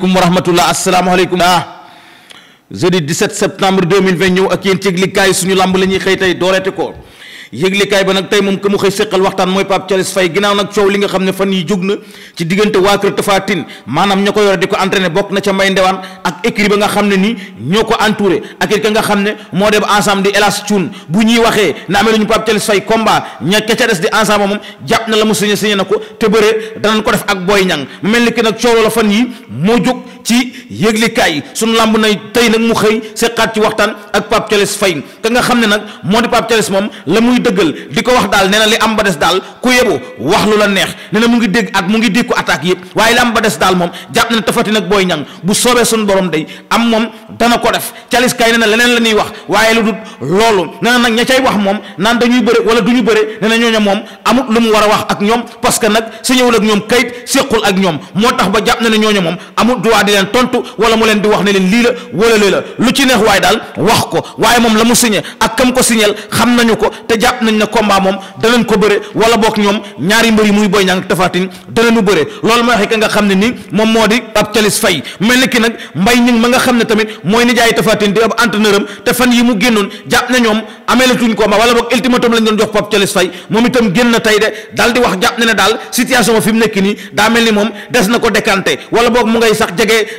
asalaamaaleykum wa rahmatullah asalaamaaleykum ah jeudi 17 septembre 2020 ñëw ak yéen ci yëglikaay suñu làmb la ñuy xëy tey dooleete ko yëglikaay ba nag tey moom ka mu xëy séqal waxtaan mooy Pape Thialis Faye ginnaaw nag coow li nga xam ne fan yi jóg na ci diggante waa kër Tapha Tine maanaam ña ko yore di ko entraîné bokk na ca Mbaye Ndewane ak écurie ba nga xam ne nii ñoo ko entouré ak it ka nga xam ne moo dem ensemble di Elas Thioune bu ñuy waxee na amee lu ñu Pape Thialis Faye combat ña ca des di ensemble moom jàpp na la mu signé signé na ko te bëre danañ ko def ak Boy Niang mu mel ni ki moo jóg ci yëglikaay yi sunu làmb na tey nag mu xëy seqaat ci waxtaan ak Pape Thialis fay ka nga xam ne nag moo di Pape Thialis moom la muy dëggal di ko wax daal nee na li am ba des daal ku yebu wax lu la neex nee na mu ngi dégg at mu ngi dékku attaque yëpp waaye li am ba des daal moom jàpp na ne nag booy ñang bu soobee sunu borom day am moom dana ko def Thialis kay nee na leneen la ñuy wax waaye lu dul loolu nee na nag ña cay wax moom naan dañuy bëre wala du ñu bëre nee na ñooñu moom amut lu mu war a wax ak ñoom parce que nag si ñëwul ak ñoom kayit séqul ak ñoom moo tax ba jàpp na ne moom leen tontu wala mu leen di wax ne leen lii la wala lii la lu ci neex waaye daal wax ko waaye moom la mu signé ak kam ko signeel xam nañu ko te jàpp nañ ne combat moom danañ ko bëre wala boog ñoom ma waxe ka nga xam ne moo ni ki nag mbay tamit mooy nijaay Tafatine di ab entraîneur te fan yi mu génnoon jàpp na ñoom ameelatuñ combat wala boog ultimatum lañ doon jox pap calis fay moom itam génn tey de daal di wax jàpp na ne daal situation fi mu nii daa ni moom des na ko décanté wala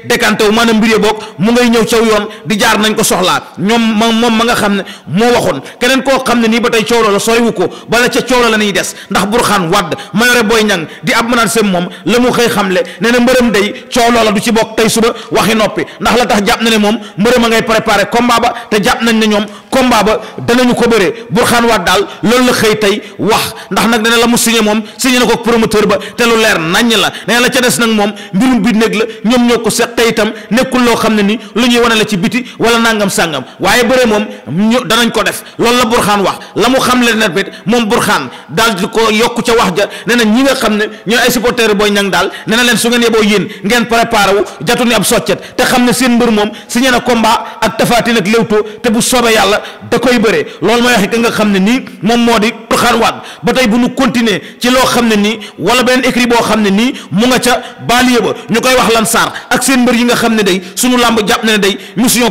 décanté wu maanaam mbir yi boog mu ngay ñëw caw yoon di jaar nañ ko soxlaa ñoom ma moom ma nga xam ne moo waxoon keneen koo xam ne nii ba tey coow la soriwu ko bala ca coow la ñuy des ndax burxaan wadd mayore booy ñang di ab mënaan seen moom la mu xëy xamle nee na mbërëm day coow la du ci bokk tey suba waxi noppi ndax la tax jàpp na ne moom mbërëm a ngay préparé combat ba te jàpp nañ ne ñoom combat ba danañu ko bëree Burkhane Wade daal loolu la xëy tey wax ndax nag dana la mu signé moom signé na ko promoteur ba te lu leer naññ la nee la ca des nag moom mbirum bi néeg ñoom ko seet tey itam nekkul loo xam ne ni lu ñuy wane la ci biti wala nangam sàngam waaye bëree moom ñu danañ ko def loolu la Burkhane wax la mu xam le net bit moom Burkhane daal di ko yokku ca wax ja nee na ñi nga xam ne ñooy ay supporteurs booy ñang daal nee na leen su ngeen yeboo yéen ngeen préparé wu jatu ni ab te xam ne seen mbër moom signé na combat ak tafaatin ak léwtoo te bu soobee yàlla da koy bëre loolu mooy waxe ka nga xam ne nii moom moo di Burkhane Wade ba tey bu ñu continuer ci loo xam ne nii wala beneen écrit boo xam ne nii mu nga ca banlieue ba ñu koy wax lan saar ak seen mbër yi nga xam ne day suñu làmb jàpp na ne day mission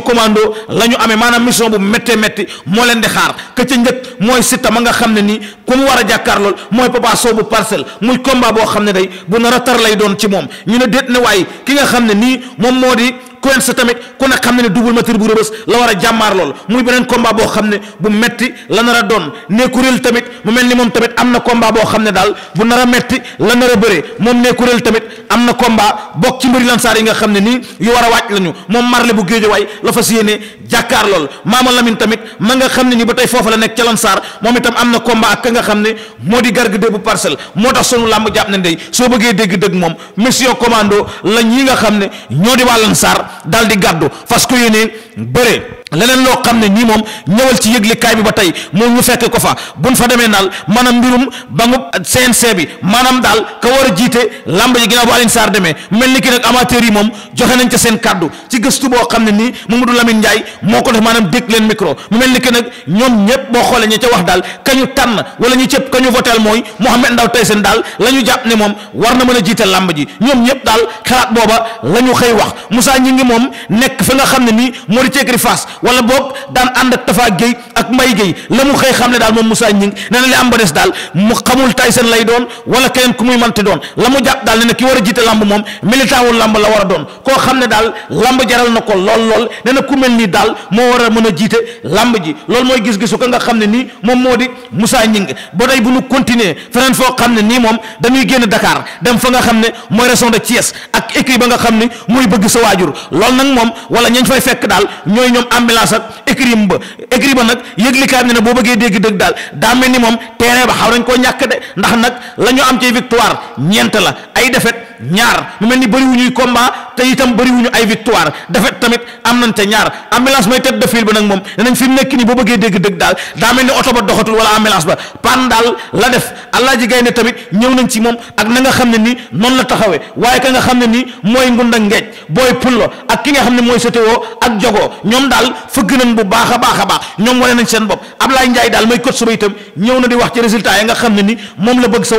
la ñu amee maanaam mission bu méttee métti moo leen di xaar ka ca njëkk mooy nga xam ne nii ku mu war a jàkkaar mooy Papa Sow bu parcelle muy boo xam ne day bu a tar lay doon ci moom xam ne nii moom moo di Quench tamit ku ne xam ne ne double moteur bu rëbës la war a jàmmaar lool muy beneen combat boo xam ne bu metti la nar a doon nekku kuréel tamit mu mel ni moom tamit am na combat boo xam ne daal bu nar a metti la nar a bëree moom nee kuréel tamit am na combat bokk ci mbiri lansaar yi nga xam ne nii yu war a wàcc lañu moom marle bu géejowaay la fas yéenee jàkkaar lool maama lamin tamit ma nga xam ne ni ba tey foofu la nekk ca lansaar moom itam am na combat ak ka nga xam ne moo di garg bu parcelle moo tax sunu làmb jàpp ne ndey soo bëggee dégg dëgg moom mission commando la ñi nga xam ne ñoo di waa lansaar daal di gàddu fas ko yéene bëre leneen loo xam ne nii moom ñëwal ci yëglikaay bi ba tey moom mu fekk ko fa buñ fa demee naal maanaam mbirum bangub CNC bi maanaam daal ka war a jiite lamb ji ginnaaw bu Alioune Sarr demee mel ni ki nag amateurs yi moom joxe nañ ca seen kàddu ci gëstu boo xam ne nii Mamadou Lamine Ndiaye moo ko def maanaam dégg leen micro mu mel ni ki nag ñoom ñëpp boo xoolee ñi ca wax daal ka ñu tànn wala ñu cëpp ka ñu votel mooy Mouhamed Ndao tey seen daal la jàpp ne moom war na mën a jiite ji ñoom ñëpp daal xalaat booba la ñu xëy ngi moom nekk fa nga xam ne nii moo di ceekri faas wala boog daan ànd ak Tafa Gueye ak Mbaye Gueye la mu xëy xam ne daal moom Moussa Gningue nee na li am ba des daal mu xamul Tyson lay doon wala keneen ku muy manti doon la mu jàpp daal ne na ki war a jiite lamb moom militant wu la war a koo xam ne daal lamb jaral na ko lool lool nee na ku mel daal moo war a mën a jiite lamb ji loolu mooy gis-gisu ka nga xam ne nii moom moo di Moussa Gningue ba tey bu ñu continuer feneen foo xam ne nii moom dañuy génn dakaar dem fa nga xam ne mooy région de ci Thiès ak équipe ba nga xam ne mooy bëgg sa waajur loolu nag moom wala ñañ fay fekk daal ñooy ñoom ambulance ak mu ba écrim ba nag yëglikaay bi ne boo bëggee dégg dëgg daal daa mel ni moom terrain ba xaw nañ koo ñàkk de ndax nag la ñu am ci victoire ñeent la ay défaite ñaar mu mel ni bëriwuñuy combat te itam bëriwuñu ay victoire defet tamit am nañ te ñaar ambulance mooy tête de file ba nag moom ne fi mu nekk nii boo bëggee dégg dëgg daal daa mel ni oto ba doxatul wala ambulance ba pan daal la def Alaaji Gaynde tamit ñëw nañ ci moom ak na nga xam ne nii noonu la taxawee waaye ka nga xam ne nii mooy ngunda ngeej booy pullo ak ki nga xam ne mooy sétéwoo ak jogoo ñoom daal fëgg nañ bu baax a baax a baax ñoom wane nañ seen bopp Ablaye Ndiaye daal mooy coach suba itam ñëw na di wax ci résultat yi nga xam ne ni moom la bëgg sa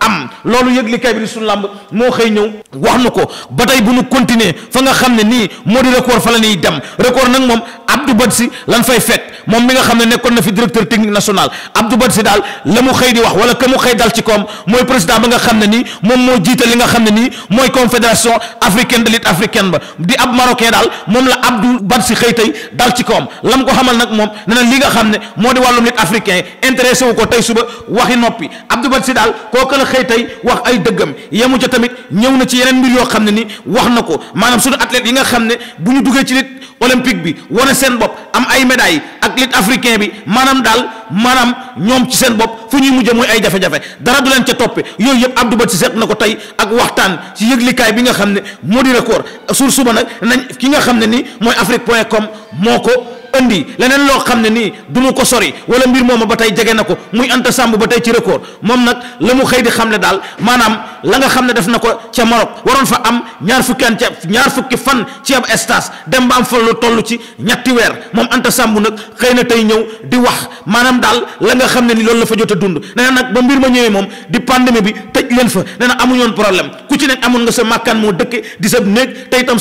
am loolu yëglikaay bi di sunu làmb moo xëy ñëw wax nu ko ba tey bu ñu continuer fa nga xam ne nii moo di record fa la ñuy dem record nag moom Abdou Badji lan fay fekk moom mi nga xam ne nekkoon na fi directeur technique national Abdou Badji daal la mu xëy di wax wala que mu xëy dal ci koom mooy président ba nga xam ne nii moom moo jiite li nga xam ne nii mooy confédération africaine de lutte africaine ba di ab marocain daal moom la Abdou Badji xë tey dal ci koom lam ko xamal nag moom nee na nga xam ne moo di wàllum lutte africain intéressé wu ko tey suba waxi noppi Abdou Badji daal kooku la xëy tey wax ay dëggam yemu ca tamit ñëw na ci yeneen mbir yoo xam ne ni wax na ko maanaam suñu athlètes yi nga xam ne bu ñu duggee ci lutte olympique bi wane seen bopp am ay médailles ak lutte africain bi maanaam daal maanaam ñoom ci seen bopp fu ñuy mujjee mooy ay jafe-jafe dara du leen ca toppe yooyu yëpp Abdou Badji seet na ko tey ak waxtaan ci yëglikaay bi nga xam ne moo di record suur suba nag nañ ki nga xam ne ni mooy afrique point com moo ko andi leneen loo xam ne nii du mu ko sori wala mbir mooma ba tey jege na ko muy Anta Samb ba tey ci record moom nag la mu xëy di xam ne daal maanaam la nga xam ne def na ko ca Maroc waroon fa am ñaar fukki an ca ñaar fukki fan ci ab stage dem ba am lu toll ci ñetti weer moom Anta Samb nag xëy na tey ñëw di wax maanaam daal la nga xam ne ni loolu la jot a dund nee na nag ba mbir ma ñëwee moom di pandémie bi tëj leen fa nee na amuñoon problème ku ci nekk amoon nga sa màkkaan moo dëkke di sa néeg te itam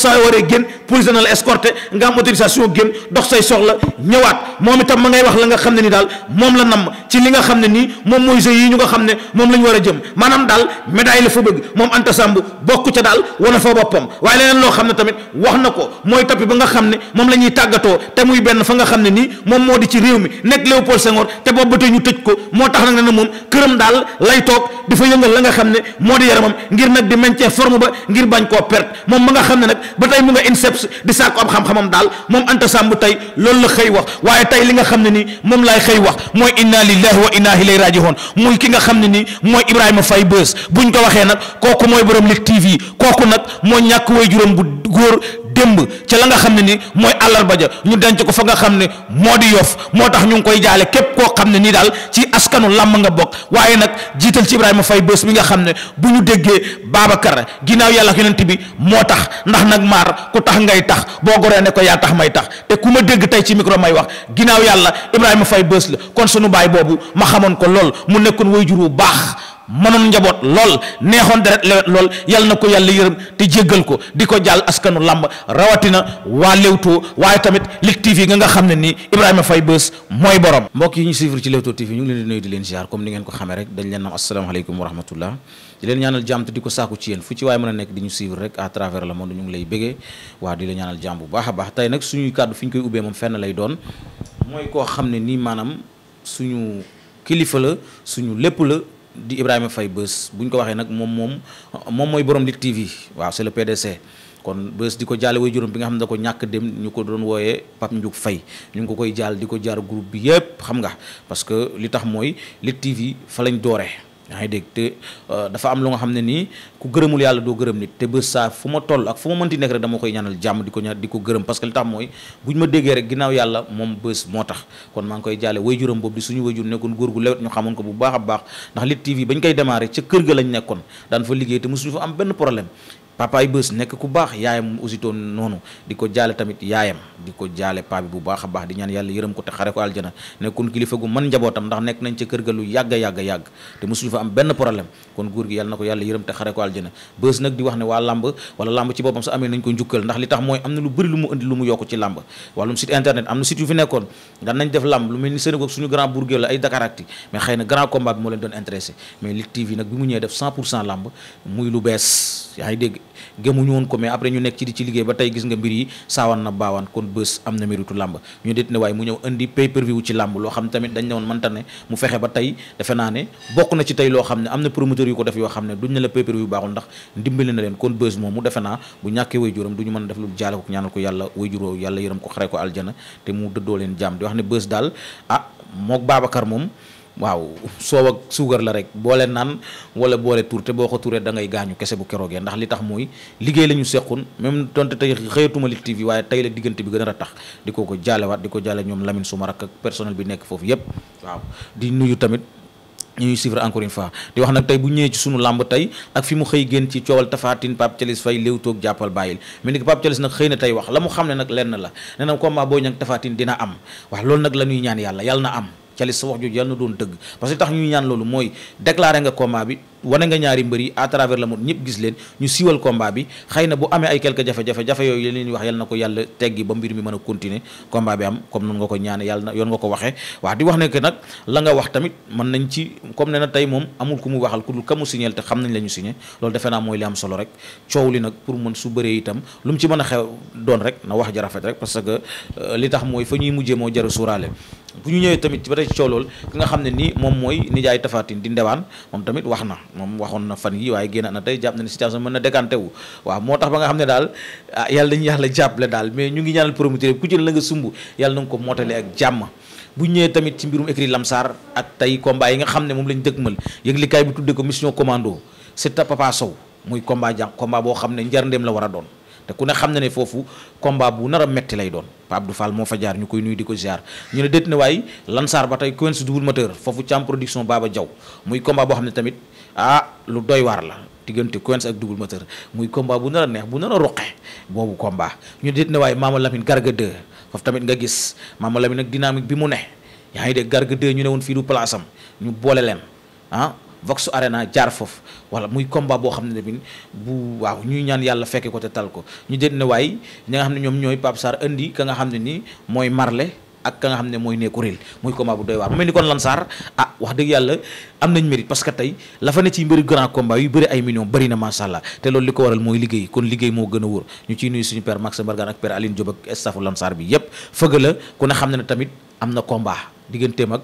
yàlla ñëwaat moom itam ma ngay wax la nga xam ne ni daal moom la namm ci li nga xam ne nii moom mooy jeux yi ñu nga xam ne moom la a jëm maanaam daal médaille la fa bëgg moom Anta Samb bokku ca daal wana fa boppam xam ne tamit wax na ko mooy tapis ba nga xam ne moom la ñuy tàggatoo te muy benn fa nga xam ne nii moom moo di ci réew mi nekk Léopold Senghor te boobu ba tey ñu tëj ko moo tax nag ne na moom këram daal lay toog di fa yëngal la nga xam ne moo di yaramam ngir nag di maintien forme ba ngir bañ koo perte moom ma nga xam ne nag ba tey mu nga INSEPS di sàkku am xam-xamam daal moom Anta Samb loolu la xëy wax waaye tey li nga xam ne ni moom laay xëy wax mooy inna lillahi wa inna ilayhi raji'un muy ki nga xam ne ni mooy Ibrahima Faye Beuz buñ ko waxee nag kooku mooy borom Lutte TV kooku nag moo ñàkk way juróom bu góor démb ca la nga xam ne ni mooy àllarba ja ñu denc ko fa nga xam ne moo di yof moo tax ñu ngi koy jaale képp koo xam ne nii daal ci askanu làmb nga bokk waaye nag jiital ci Ibrahima fay bés bi nga xam ne bu ñu déggee Babacar ginnaaw yàlla ak yonent bi moo tax ndax nag maar ku ngay tax boo goree ne ko yaa tax may tax te ku ma dégg tey ci micro may wax ginnaaw yàlla Ibrahima fay bés la kon sunu baay boobu ma xamoon ko lool mu nekkoon waajur bu baax mënoon njaboot lool neexoon deret lewet lool yal na ko yàlla yërëm te jéggal ko di ko jàll askanu làmb rawatina waa Leewtoo waaye tamit Lutte TV nga nga xam ne nii Ibrahima fay Beuz mooy borom. mbokk yi ñu suivre ci Leewtoo TV ñu ngi leen di nuyu di leen ziar comme ni ngeen ko xamee rek dañ leen am asalaamaaleykum wa rahmatullah di leen ñaanal jàmm te di ko saaku ci yéen fu ci waaye mën a nekk di ñu suivre rek à travers le monde ñu ngi lay bégee waa di bu baax a baax tey nag suñuy kàddu fi ñu koy ubbee moom fenn lay koo xam ne nii maanaam suñu kilifa la lépp la di Ibrahima fay bés bu ñu ko waxee nag moom moom moom mooy borom Lutte TV waaw c'est le PDC kon bés di ko jaale way juróom bi nga xam ne da ko ñàkk dem ñu ko doon wooyee Pape Ndiouk fay ñu ngi ko koy jaal di ko jaar groupe bi yépp xam nga parce que li tax mooy Lutte TV fa lañ dooree yaa ngi dégg te euh, dafa am lu nga xam ne nii ku gërëmul yàlla doo gërëm nit te bés saa fu ma toll ak fu ma mënti nekk rek dama koy ñaanal jàmm di ko ñaan di ko gërëm parce que li tax mooy buñ ma déggee rek ginnaaw yàlla moom bés moo tax kon maa ngi koy jaale wayjuram boobu di suñu wayjur nekkoon góor gu lewet ñu xamoon ko bu baax a baax ndax lit TV bañ koy demaare ca kër ga lañ nekkoon daan fa liggéey te mosuñu fa am benn problème papa ay bés nekk ku baax yaayam aussitôt noonu di ko jaale tamit yaayam di ko jaale paa bi bu baax a baax di ñaan yàlla yërëm ko te xare ko aljana nekkoon kilifa gu mën njabootam ndax nekk nañ ca kër ga lu yàgg a yàgg a yàgg te mosuñu fa am benn problème kon góor gi yàlla na ko yàlla yërëm te xare ko aljana bés nag di wax ne waa làmb wala làmb ci boppam sax amee nañ ko njukkal ndax li tax mooy am na lu bëri lu mu indi lu mu yokk ci làmb wàllum site internet na nañ def làmb lu mel ni Sénégal suñu grand bourgé la ay Dakaractu mais xëy na grand combat bi moo leen doon intéressé mais Lutte TV nag bi mu ñëwee lu bees yaa ngi dégg gëmuñu woon ko mais après ñu nekk ci di ci liggéey ba tey gis nga mbir yi saawan na baawaan kon bés am na méritu làmb ñu det ne mu ñëw indi pay ci làmb loo xam ne woon mënta ne mu fexe ba tey defe naa ne bokk na ci tey loo xam ne am na promoteur yu ko def yoo xam ne duñ ne la pay per view baaxul ndax ndimbali na leen kon bés moomu defe naa bu ñàkkee waajuram du ñu mën a def lu jaale ko ñaanal ko yàlla waajuroo yàlla yërëm ko xare ko aljana te mu dëddoo leen jàmm di wax ne bés daal ah mook Babacar waaw soow ak suugar la rek boole naan wala boole tuur te boo ko tuuree da ngay gaañu kese bu keroogee ndax li tax mooy liggéey la ñu seqoon même donte tey xëyatuma li TV waaye tey la diggante bi gën a tax di ko ko jaalewaat di ko jaale ñoom Lamine suma rakk ak personnel bi nekk foofu yépp waaw di nuyu tamit ñuy suivre encore une fois di wax nag tey bu ñëwee ci sunu làmb tey ak fi mu xëy génn ci coowal tafaatin Pape Thialis Faye toog jàppal bàyyil mais ni ko Pape Thialis nag xëy na tey wax la mu xam ne nag lenn la nee na combat booy ñag tafaatin dina am wax loolu nag la ñuy ñaan yàlla yàlla na am cali sa wax jooju yàlla na doon dëgg parce que tax ñuy ñaan loolu mooy déclaré nga combat bi wane nga ñaari mbër yi à travers le ñëpp gis leen ñu siiwal combat bi xëy na bu amee ay quelques jafe-jafe jafe yooyu wax yàlla na ko yàlla teggi ba mbir mi mën a continuer combat bi am comme noonu nga ko ñaane yàlla ko waxee waaw di wax ne que nag la tamit mën nañ ci comme ne na tey moom amul ku mu waxal ku dul ka mu signal xam nañ la ñu signé loolu defe naa am solo rek coow li nag pour mën su bëree itam lu mu ci mën a xew doon rek na wax ja rek parce que euh, li tax mooy fa ñuy mujjee moo jaru suuraale bu ñu ñëwee tamit ba tey ci ki nga xam ne ni moom mooy nijaay tafaatin di ndewaan moom tamit wax na moom waxoon na fan yi waaye génn na tey jàpp na ne mën na décanté wu waaw moo tax xam ne daal ah yàlla dañu yàlla jàppale daal mais ñu ngi ñaanal promoteur ku jël la nga sumb yàlla na nga ko mootale ak jàmm bu ñëwee tamit ci mbirum écrit lamsaar ak tey combat yi nga xam ne moom lañ dëgmal yëglikaay bi tuddee ko mission commando c'est Papa Sow muy combat jàng combat boo xam ne njarndeem la war a doon te ku ne xam na ne foofu combat bu nar a metti lay doon Pape du Fall moo fa jaar ñu koy nuyu di ko ziar ñu ne déet na waaye Lansar ba tey Quench dugul moteur foofu cam production Baba Diaw muy combat boo xam ne tamit ah lu doy waar la diggante Quench ak double moteur muy combat bu nar a neex bu nar a roqe boobu combat ñu déet na waaye Mama Lamine Garga 2 foofu tamit nga gis Mama Lamine ak dynamique bi mu ne yaa ngi dégg Garga 2 ñu ne woon fii du place ñu boole leen ah Vox Arena jaar foofu wala muy combat boo xam ne bi bu waaw ñuy ñaan yàlla fekke ko te tal ko ñu dégg ne waay ñi nga xam ne ñoom ñooy Pape Sarr indi ka nga xam ne nii mooy Marley ak ka nga xam ne mooy nekkuréel muy combat bu doy waar mu mel ni kon Lansar ah wax dëgg yàlla am nañ mérite parce que tey la fa ne ci mbiri grand combat yu bëri ay millions bëri na macha allah te lool li ko waral mooy liggéey kon liggéey moo gën a wóor ñu ciy nuyu suñu père Max Mbargane ak père Aline Diop ak staffu bi yépp fëgg la ku xam ne ne tamit am na combat digganteem ak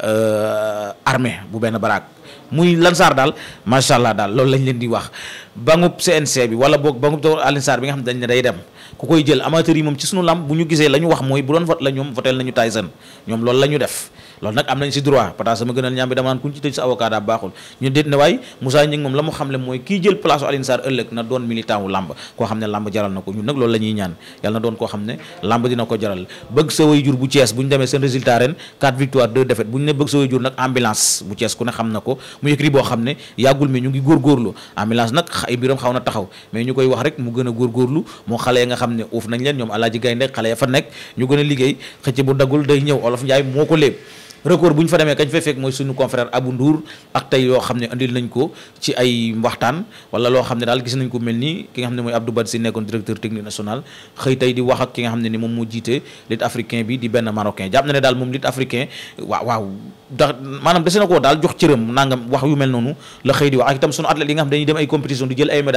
Euh, armée bu benn baraak muy Lansar daal macha allah daal loolu lañ leen di wax bangub CNC bi wala boog bangub taw Alioune Sarr bi nga xam dañ ne day dem ku koy jël amateur yi moom ci suñu lamb bu ñu gisee la ñu wax mooy bu doon vote la ñoom voteel nañu Tyson ñoom loolu la ñu def. loolu nag am nañ si droit pata sama gënal ñaam bi damaan kuñ ci tëj sa avocat daa baaxul ñu déet ne waay Moussa Gningue moom la mu xamle mooy kii jël place Alioune Sarr ëllëg na doon militant wu làmb koo xam ne làmb jaral na ko ñun nag loolu la ñuy ñaan yàlla na doon koo xam ne làmb dina ko jaral bëgg sa way jur bu Thiès bu ñu demee seen résultat ren 4 victoires 2 défaites bu ñu ne bëgg sa way jur nag ambulance bu Thiès ku ne xam na ko mu yëkkati boo xam ne yàggul mi ñu ngi góorgóorlu ambulance nag ay biram xaw na taxaw mais ñu koy wax rek mu gën a góorgóorlu moo xale ya nga xam ne nañ leen ñoom alaaji gaynde xale ya fa nekk ñu a liggéey xëcc bu daggul day ñëw olof njaay moo ko léeb record bu ñu fa demee kañ fay fekk mooy suñu confrère Abou Ndour ak tey yoo xam ne andil nañ ko ci ay waxtaan wala loo xam ne daal gis nañ ko mel nii ki nga xam ne mooy Abdou Badji nekkoon directeur technique national xëy tey di wax ak ki nga xam ne ni moom moo jiite lutte africain bi di benn marocain jàpp na ne daal moom lutte africain waaw waaw da maanaam dese na koo daal jox cëram nangam wax yu mel noonu la xëy di wax ak itam suñu athlètes yi nga xam dañuy dem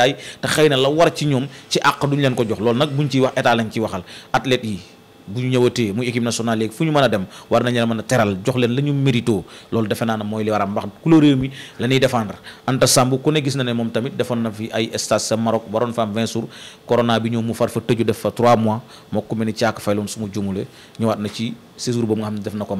na la war ci ñoom ci leen ko jox loolu nag buñ ciy wax état lañ ciy waxal athlètes yi bu ñu ñëwatee muy équipe nationale léegi fu ñu mën a dem war nañ leen mën a teral jox leen la ñu mérito loolu defe naa ne mooy li war a am réew mi la ñuy défendre Anta Samb ku ne gis na ne moom tamit defoon na fi ay stage sa Maroc waroon fa am 20 jours corona bi ñëw mu far fa tëju def fa 3 mois moo ko mel ni caak fayloon su ma jumulee ñëwaat na ci séjour boobu nga xam ne na ko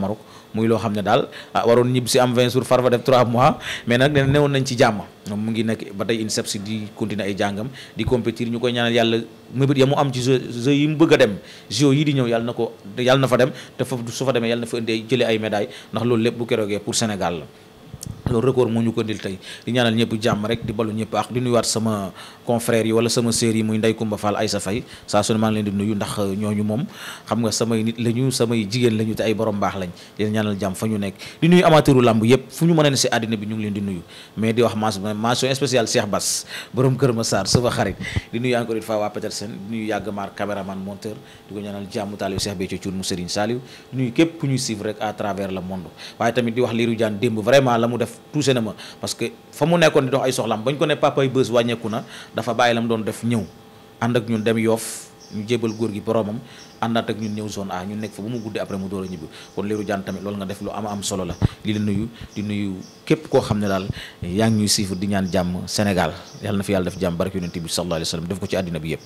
loo xam ne daal ah waroon ñibbi si am 20 jours far fa def 3 mois mais nag nee newoon nañ ci jàmm mu ngi nekk ba tey INSEPS di continuer ay jàngam di compétir ñu koy ñaanal yàlla mébét ya mu am ci jeux yi mu bëgg dem jeux yi di ñëw yàlla na ko yàlla na fa dem te foofu su fa demee yàlla na fa indee jëlee ay médailles ndax loolu lépp bu keroogee pour Sénégal la champion record moo ñu ko indil tey di ñaanal ñëpp jàmm rek di balu ñëpp ak di nuyuwaat sama confrère yi wala sama sœur yi muy Ndey Kumba Fall Aïssa Faye saa su ne leen di nuyu ndax euh, ñooñu moom xam nga samay nit lañu samay jigéen lañu te ay borom fa ñu nekk di nuyu amateuru làmb yëpp bi ñu ngi leen di nuyu mais di wax mention spéciale Cheikh Bass borom Kër Massar sama xarit di nuyu encore une fois waa Petersen di nuyu yàgg maar caméraman monteur di ko ñaanal jàmm taaliw Cheikh Béthio Thioune mu Serigne Saliou di nuyu képp ku ñuy suivre rek à travers le monde waaye tamit di wax liiru touché na ma parce que fa mu nekkoon di dox ay soxlaam bañ ko ne papay bës wàññeeku na dafa bàyyi la mu doon def ñëw ànd ak ñun dem yoof ñu jébal góor gi boromam àndaat ak ñun ñëw zone A ñu nekk fa bu mu guddi après mu door a ñibbi kon Lirou Diane tamit loolu nga def lu am am solo la li la nuyu di nuyu képp koo xam ne daal yaa ngi ñuy siifut di ñaan jàmm senegal yàlla na fi yàlla def jàmm barke yonent bi sallallahu alayhi wa ko ci àddina bi yëpp